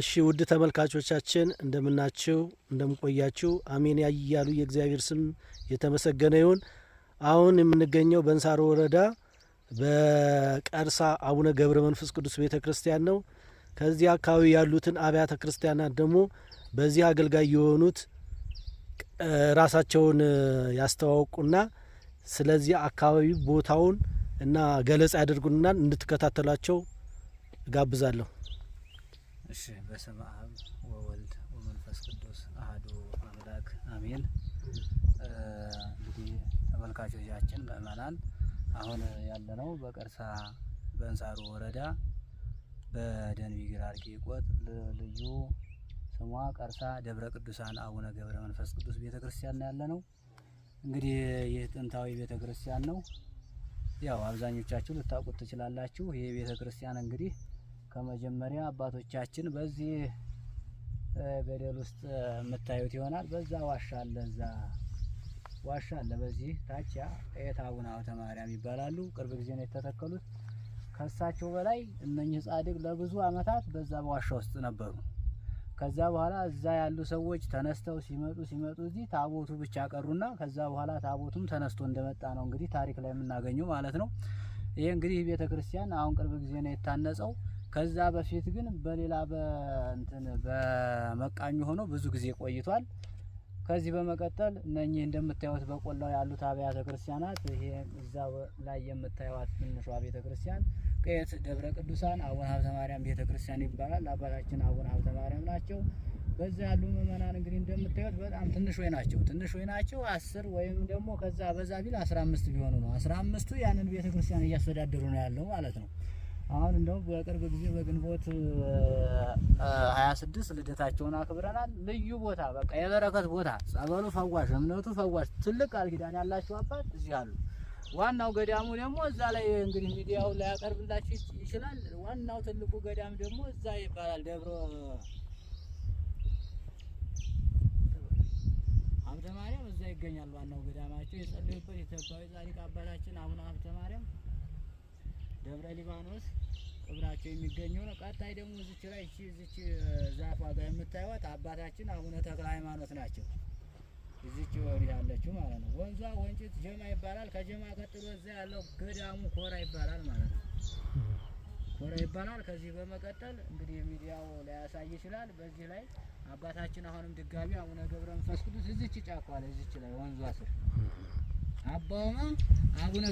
እሺ ውድ ተመልካቾቻችን እንደምናችው እንደምቆያችው አሜን ያያሉ የእግዚአብሔር ስም የተመሰገነ ይሁን። አሁን የምንገኘው በእንሳሮ ወረዳ በቀርሳ አቡነ ገብረ መንፈስ ቅዱስ ቤተ ክርስቲያን ነው። ከዚህ አካባቢ ያሉትን አብያተ ክርስቲያናት ደግሞ በዚህ አገልጋይ የሆኑት ራሳቸውን ያስተዋውቁና ስለዚህ አካባቢ ቦታውን እና ገለጻ ያደርጉንና እንድትከታተላቸው ጋብዛለሁ። እሺ በስመ አብ ወወልድ ወመንፈስ ቅዱስ አሐዱ አምላክ አሜን። እንግዲህ ተመልካቾቻችን ምእመናን፣ አሁን ያለነው በቀርሳ በእንሳሮ ወረዳ በደንቢ ግራር ቂርቆስ ልዩ ስሟ ቀርሳ ደብረ ቅዱሳን አቡነ ገብረ መንፈስ ቅዱስ ቤተ ክርስቲያን ነው ያለነው። እንግዲህ ይህ ጥንታዊ ቤተ ክርስቲያን ነው። ያው አብዛኞቻችሁ ልታውቁት ትችላላችሁ። ይህ ቤተ ክርስቲያን እንግዲህ ከመጀመሪያ አባቶቻችን በዚህ ገደል ውስጥ የምታዩት ይሆናል። በዛ ዋሻ አለ፣ እዛ ዋሻ አለ። በዚህ ታች ያ የት አቡነ ማርያም ይባላሉ። ቅርብ ጊዜ ነው የተተከሉት። ከሳቸው በላይ እነኚህ ጻድቅ ለብዙ ዓመታት በዛ በዋሻ ውስጥ ነበሩ። ከዛ በኋላ እዛ ያሉ ሰዎች ተነስተው ሲመጡ ሲመጡ እዚህ ታቦቱ ብቻ ቀሩና ከዛ በኋላ ታቦቱም ተነስቶ እንደመጣ ነው እንግዲህ ታሪክ ላይ የምናገኘው ማለት ነው። ይሄ እንግዲህ ቤተ ክርስቲያን አሁን ቅርብ ጊዜ ነው የታነጸው። ከዛ በፊት ግን በሌላ በእንትን በመቃኙ ሆኖ ብዙ ጊዜ ቆይቷል። ከዚህ በመቀጠል እነኚህ እንደምታዩት በቆላው ያሉት አብያተ ክርስቲያናት ይሄ እዛ ላይ የምታዩት ትንሿ ቤተ ክርስቲያን ቅየት ደብረ ቅዱሳን አቡነ ሀብተ ማርያም ቤተ ክርስቲያን ይባላል። አባታችን አቡነ ሀብተ ማርያም ናቸው። በዛ ያሉ ምእመናን እንግዲህ እንደምታዩት በጣም ትንሽ ወይ ናቸው ትንሽ ወይ ናቸው። አስር ወይም ደግሞ ከዛ በዛ ቢል አስራ አምስት ቢሆኑ ነው። አስራ አምስቱ ያንን ቤተ ክርስቲያን እያስተዳደሩ ነው ያለው ማለት ነው። አሁን እንደው በቅርብ ጊዜ በግንቦት 26 ስድስት ልደታቸውን አክብረናል። ልዩ ቦታ በቃ የበረከት ቦታ፣ ጸበሉ ፈዋሽ፣ እምነቱ ፈዋሽ፣ ትልቅ ቃል ኪዳን ያላቸው አባት እዚህ አሉ። ዋናው ገዳሙ ደግሞ እዛ ላይ እንግዲህ ሚዲያው ላያቀርብላችሁ ይችላል። ዋናው ትልቁ ገዳም ደግሞ እዛ ይባላል ደብረ ሀብተ ማርያም እዛ ይገኛል። ዋናው ገዳማቸው የጸለዩበት የተባዊ ጻድቅ አባታችን አቡነ ሀብተ ማርያም ደብረ ሊባኖስ ቅብራቸው የሚገኙ ነው። ቀጣይ ደግሞ እዚች ላይ እቺ እዚች ዛፏ ጋር የምታዩት አባታችን አቡነ ተክለ ሃይማኖት ናቸው። እዚች ወዲህ ያለችው ማለት ነው። ወንዟ ወንጭት ጀማ ይባላል። ከጀማ ቀጥሎ እዛ ያለው ገዳሙ ኮራ ይባላል ማለት ነው። ኮራ ይባላል። ከዚህ በመቀጠል እንግዲህ ሚዲያው ሊያሳይ ይችላል። በዚህ ላይ አባታችን አሁንም ድጋሚ አቡነ ገብረ መንፈስ ቅዱስ እዚች ጫፏ እዚች ላይ ወንዟ ስር አባውማ አቡነ